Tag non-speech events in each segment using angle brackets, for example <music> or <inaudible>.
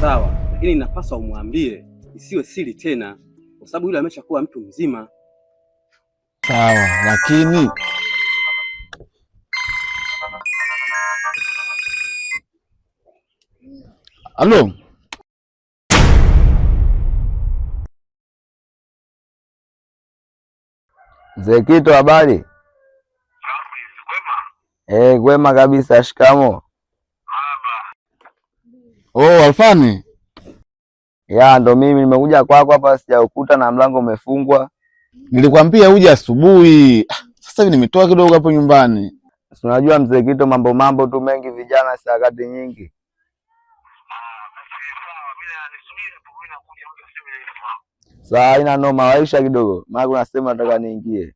sawa, lakini inapaswa umwambie, isiwe siri tena, kwa sababu yule ameshakuwa mtu mzima. Sawa, lakini halo Zekito, habari? Eh, kwema kabisa. Shikamo. Oh, Alfani. Ya ndo mimi nimekuja kwako hapa, sijaukuta na mlango umefungwa. Nilikwambia uje asubuhi. Ah, sasa hivi nimetoa kidogo hapo nyumbani. Unajua mzee Kito, mambo mambo tu mengi, vijana sarakati nyingi. Sawa, ina noma, maisha kidogo, maana kuna sehemu nataka niingie.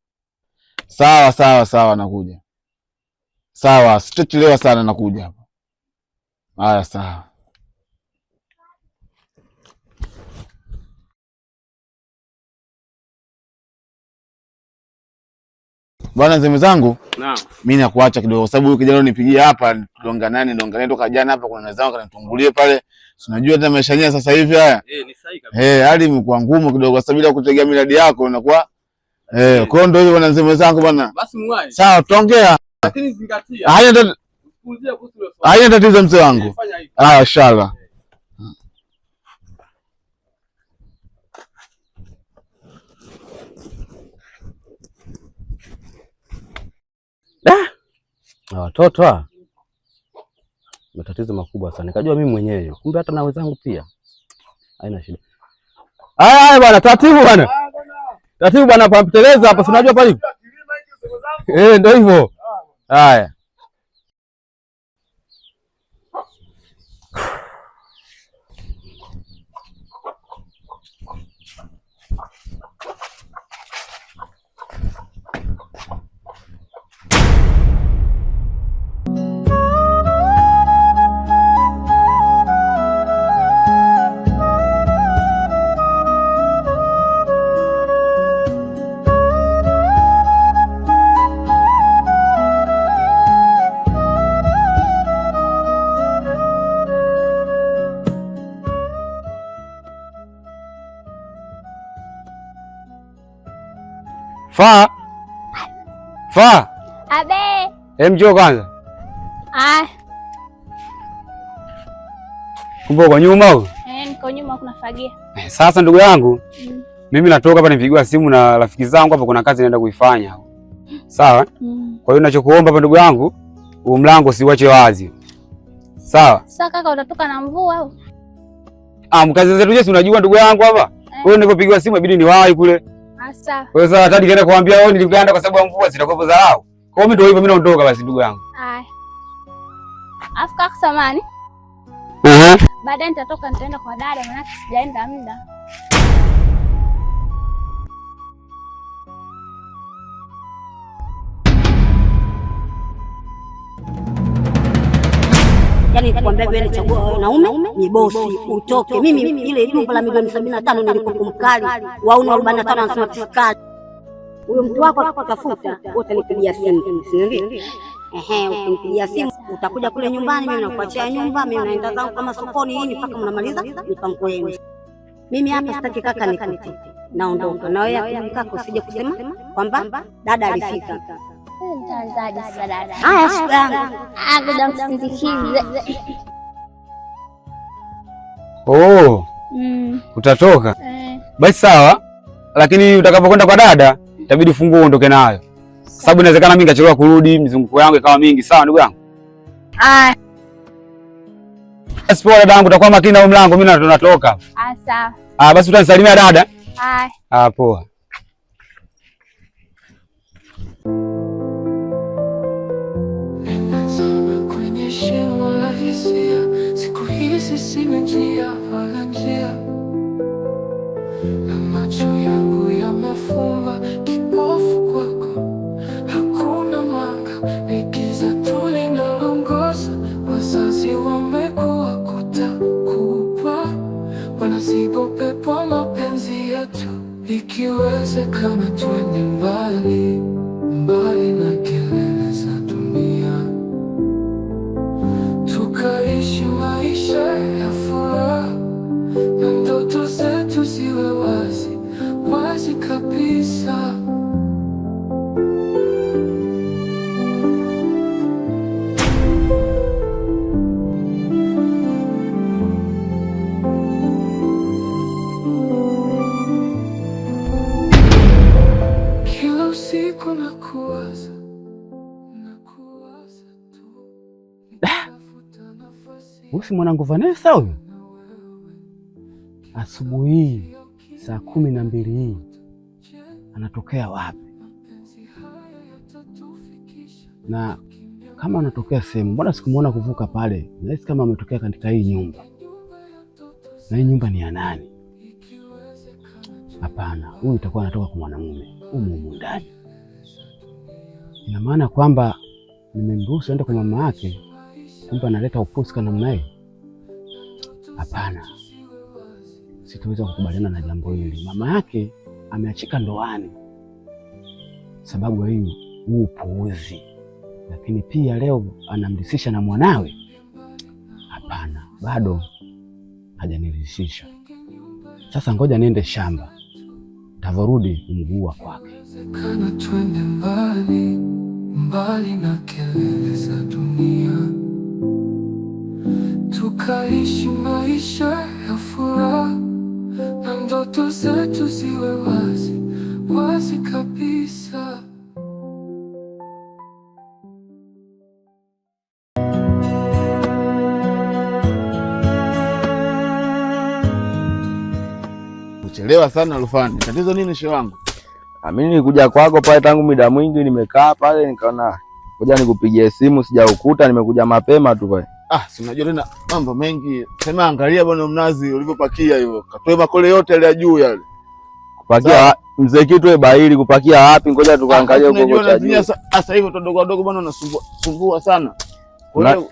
Sawa sawa sawa, nakuja. Sawa, sitachelewa sana, nakuja hapa. Haya, sawa. Bwana mzee zangu naam, mimi nakuacha kidogo, sababu huyu kijana unipigia hapa donga nani donga nani toka jana hapa, kuna wenzangu kanitungulie pale, unajua tena maisha yenyewe sasa hivi haya eh, ni sahihi kabisa eh, hali imekuwa ngumu kidogo, sababu bila kutegemea miradi yako unakuwa eh, kwa ndio hiyo Bwana mzee zangu bwana basi mwai, sawa, tuongea lakini zingatia, haya ndio kuhusu haina tatizo mzee wangu, ah, inshallah. na watoto ah. matatizo makubwa sana, nikajua mimi mwenyewe, kumbe hata na wenzangu pia haina shida. aya bwana, taratibu bwana, taratibu bwana, pamteleza hapa, si unajua palipo eh, ndio hivyo. Ah. Haya. Faa faa, abe, emjoo kwanza. Ah, kumbe uko nyuma huko? Eh, niko nyuma, kuna fagia. Eh, sasa ndugu yangu mm. Mimi natoka hapa, nipigiwa simu na rafiki zangu hapa, kuna kazi naenda kuifanya. Sawa mm. Kwa hiyo ninachokuomba hapa ndugu yangu, huu mlango usiwache wazi, sawa? Sasa kaka, utatoka na mvua au? Ah, mkazi zetu, je, unajua ndugu yangu hapa eh. Wewe nilipopigiwa simu ibidi niwahi kule sawa. Wewe sasa hadi kaenda kuambia wewe nilikwenda kwa sababu ya mvua sitakuwa dharau. Kwa hiyo mimi ndio hivyo mimi naondoka basi ndugu yangu. Haya. Afu kaka samani. Mhm. Baadaye nitatoka nitaenda kwa dada maana sijaenda muda. yani kuambia wewe nichague wanaume ni bosi utoke. Mimi ile jumba la milioni sabini na tano nilikuwa mkali wauni arobaini na tano anasema tusikali huyo mtu wako akutafuta, utanipigia simu, si ndio? Ehe, ukimpigia simu utakuja kule nyumbani, mimi nakuachia nyumba, mimi naenda zangu kama sokoni hii mpaka mnamaliza mipango yenu. Mimi hapa sitaki kaka, nikute naondoka na wewe akili usije kusema kwamba dada alifika. Haya, yangu ah, Oh, mm. Utatoka eh? Basi sawa, lakini utakapokwenda kwa dada itabidi funguo uondoke nayo, sababu inawezekana mimi nikachelewa kurudi, mizunguko yangu ikawa mingi. Sawa ndugu yangu. Ah, basi poa dada yangu, utakuwa makini na mlango, mimi natoka. Ah, sawa. Ah, basi utanisalimia dada. Ah, poa. sina njia wala njia, na macho yangu yamefumba kipofu kwako, hakuna mwanga, ni giza tu linalongoza. Wazazi wamekuwa kutokupa, wanaziba upepo mapenzi yetu, ikiwezekana twende si mwanangu Vanessa huyu? Asubuhi hii saa kumi na mbili hii anatokea wapi? Na kama anatokea sehemu, mbona sikumwona kuvuka pale? Nahisi kama ametokea katika hii nyumba, na hii nyumba ni ya nani? Hapana, huyu itakuwa anatoka kwa mwanamume umumu ndani. Ina maana kwamba nimemruhusu aende kwa mama yake, kumbe analeta upusi namna hiyo. Hapana, sitaweza kukubaliana na jambo hili. Mama yake ameachika ndoani sababu ya hiyo huu upuuzi, lakini pia leo anamrisisha na mwanawe. Hapana, bado hajanirisisha. Sasa ngoja niende shamba, tavorudi umguua kwake. Kana twende mbali mbali na kelele za dunia tukaishi maisha ya furaha na ndoto zetu ziwe wazi wazi kabisa. sana Rufani, tatizo nini shehe wangu? Amini ah, nilikuja kwako pale tangu muda mwingi, nimekaa pale nikaona ngoja nikupigie simu, sijaukuta, nimekuja mapema tu pale Ah, si unajua tena mambo mengi. Sema angalia bwana mnazi ulivyopakia hivyo. Katoe makole yote yale ya juu yale. Kupakia mzee kitu wewe bahili kupakia wapi? Ngoja tukaangalia ah, huko huko cha juu. Sasa hivi tudogo wadogo bwana unasumbua sumbua sana. hiyo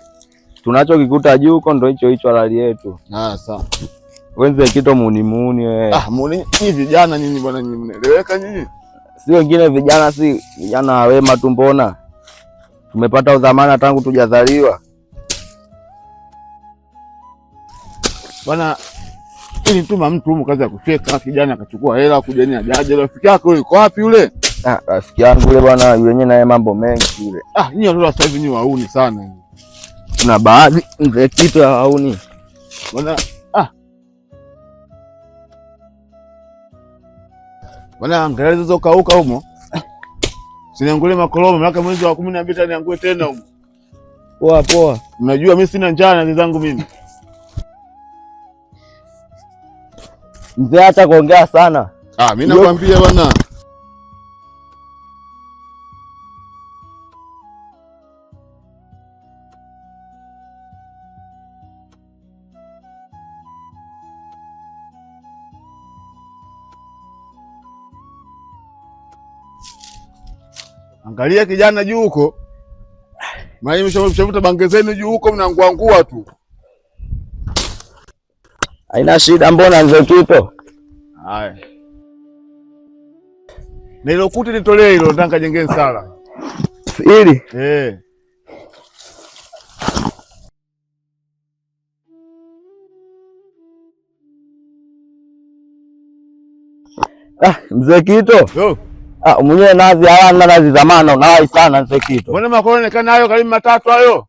tunachokikuta juu huko ndio hicho hicho halali yetu. Ah, sawa. Wewe kitu muni muni wewe. Ah, muni hivi vijana nini bwana nyinyi mnaeleweka nyinyi? Si wengine vijana si vijana wema tumbona. Tumepata udhamana tangu tujazaliwa. bwana tuma mtu huko kazi ya kucheka, kijana akachukua hela kuja ni ajaje. Rafiki yako yuko wapi yule? Ah, rafiki yangu yule bwana yule yenyewe naye mambo mengi yule. Ah, nyinyi watoto sasa hivi ni wauni sana. Kuna baadhi mzee kitu ya wauni. Bwana ah. Bwana angalia hizo kauka humo. Siniangule makoloma, maana mwezi wa 12 taniangue tena humo. Poa poa. Unajua mimi sina njaa na zangu mimi. Mzee, acha kuongea sana. Ah, mimi nakwambia bwana. Angalia kijana juu huko, mshavuta bange zenu juu huko, mnanguangua tu. Haina shida, mbona nzo kipo. Haya. kuti nitolee hilo nataka jengeni sala. Ili? Eh. Ah, mzee Kito. Yo. Ah, mwenyewe nazi hawana nazi zamana, unawahi sana mzee Kito. Mbona makoroni kana hayo karibu matatu hayo?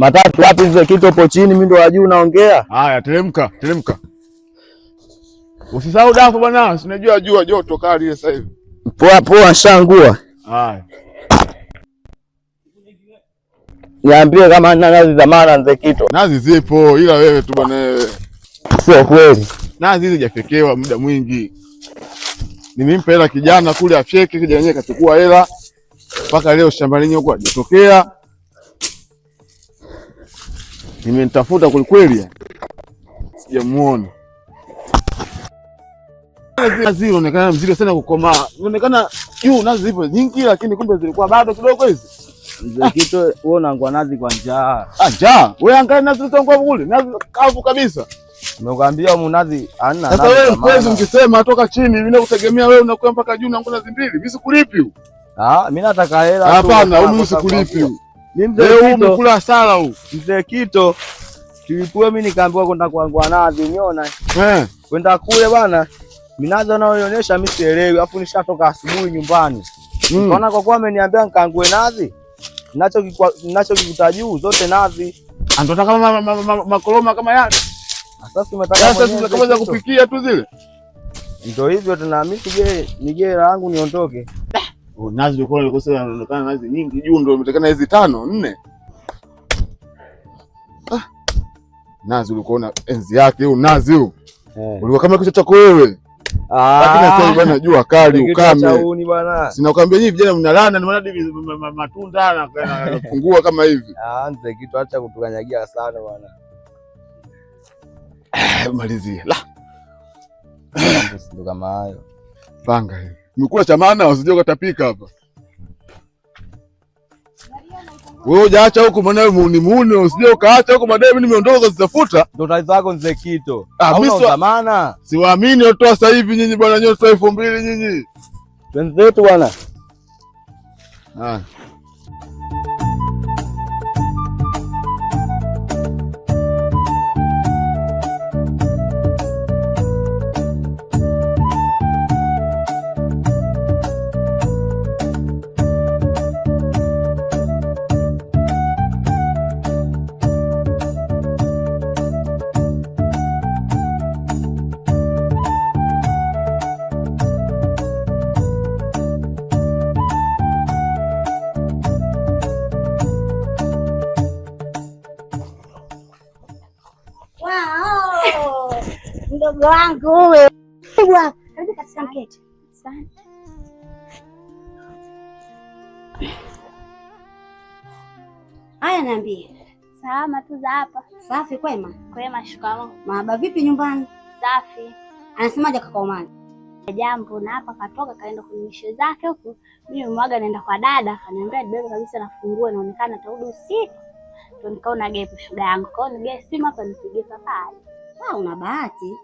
Matatu wapi hizo kitu hapo chini, mimi ndo wa juu naongea. Haya, teremka, teremka. Usisahau dafu bwana, sinajua jua joto kali sasa hivi. Poa poa shangua. Haya. Niambie kama nina nazi za mara nze kitu. Nazi zipo ila wewe tu bwana wewe. Sio kweli. Nazi hizi jafekewa muda mwingi. Nimempa hela kijana kule afyeke, kijana yeye kachukua hela. Mpaka leo shambani lenyewe huko hajatokea. Nimenitafuta kwelikweli, sijamuona. Zile onekana mzigo sana kukomaa, inaonekana juu nazi zipo nyingi, lakini kumbe zilikuwa bado kidogo hizi. Mzee Kito, wewe unaangua nazi kwa njaa. Ah, njaa. Wewe angalia nazi zilizongwa kule, nazi kavu kabisa. Nimekuambia Nimekwambia nazi hana. Sasa wewe kwezi ukisema toka chini, mimi nakutegemea wewe unakuwa mpaka juu na ngona zimbili. Mimi sikulipi. Ah, mimi nataka hela. tu. Hapana, mimi sikulipi umekula sala huu mzee Kito, tulikuwa mimi nikaambiwa kwenda kuangua nazi umeona eh, kwenda kule bwana minazi anayoonyesha mimi sielewi, afu nishatoka asubuhi nyumbani mm. Nikaona kwa kuwa ameniambia nikaangue nazi, kikuta juu zote nazi anataka ah, kama makoloma kama yale. Sasa kama za kupikia tu zile, ndio hivyo tena. Mimi nije nije langu niondoke nazi ndio kwa nilikosa inaonekana nazi nyingi juu ndio umetekana hizi tano nne. Ah. Nazi ulikuwa na enzi yake hiyo nazi hiyo. Eh. Ulikuwa kama kichwa chako wewe. Ah. Lakini sasa bwana jua kali ukame. Sina kuambia hivi vijana mnalana ni maana hivi matunda kupungua kama hivi. Ah, nze kitu acha kutukanyagia sana bwana. <sighs> Malizia. La. <sighs> Ndio kama hayo. Panga hivi umekula cha maana, usije ukatapika hapa. Wewe hujaacha huko mwanawe muuni muuni, usije ukaacha huko madai, mimi nimeondoka kuzitafuta ndoto zako nzee Kito. Ah, siwaamini watoa sasa hivi nyinyi bwana, nyoto elfu mbili nyinyi. Twenzetu bwana. Ah. mdogo wangu wewe. Karibu katika mkete. Asante. Haya, niambie. Salama tu za hapa. Safi, kwema? Kwema, shukrani. Mahaba, vipi nyumbani? Safi. Anasemaje kaka Omari? Jambo, na hapa katoka kaenda kwenye misho zake huku. Mimi mwaga naenda kwa dada, kaniambia nibebe kabisa, nafungua naonekana tarudi usiku. Ndio nikaona gepu shuga yangu. Kwa hiyo simu hapa nipigie safari. Ah, una bahati.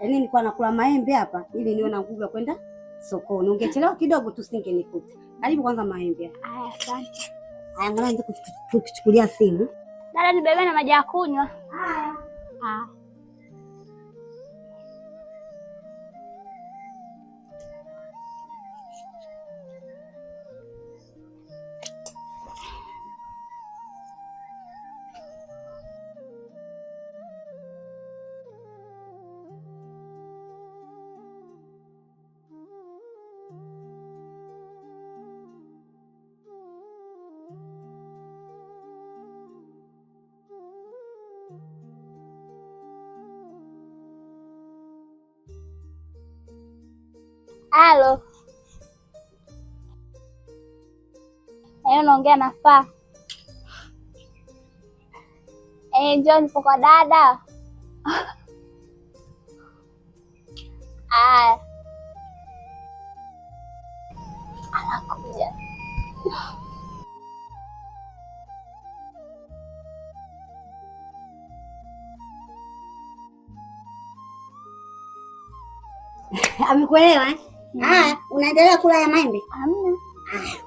Yaani nilikuwa nakula maembe hapa ili niwe na nguvu ya kwenda sokoni. Ungechelewa kidogo tu singenikuta. Karibu kwanza maembe. Aya, asante. Aya, ngoja kuchukulia simu. Dada, nibebe na maji ya kunywa. Haya. Ah. Halo, Eh, unaongea nafaa. E, njoo nipo kwa dada. Aya, anakuja. Amekuelewa eh? Haya, unaendelea kula ya maembe? Hamna. Haya.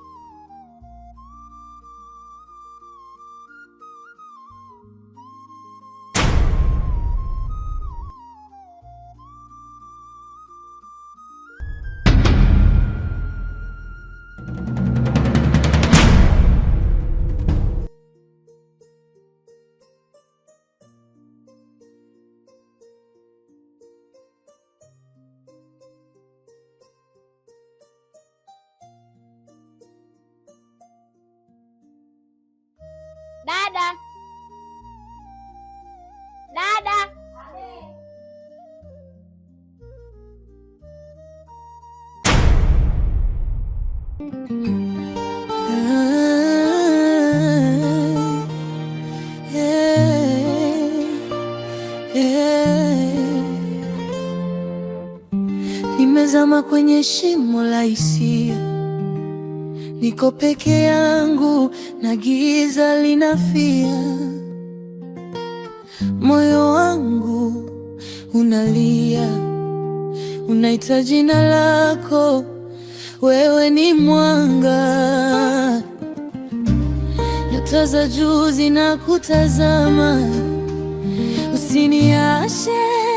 kama kwenye shimo la hisia, niko peke yangu na giza linafia. Moyo wangu unalia, unahitaji jina lako, wewe ni mwanga. Nyota za juu zinakutazama, usiniache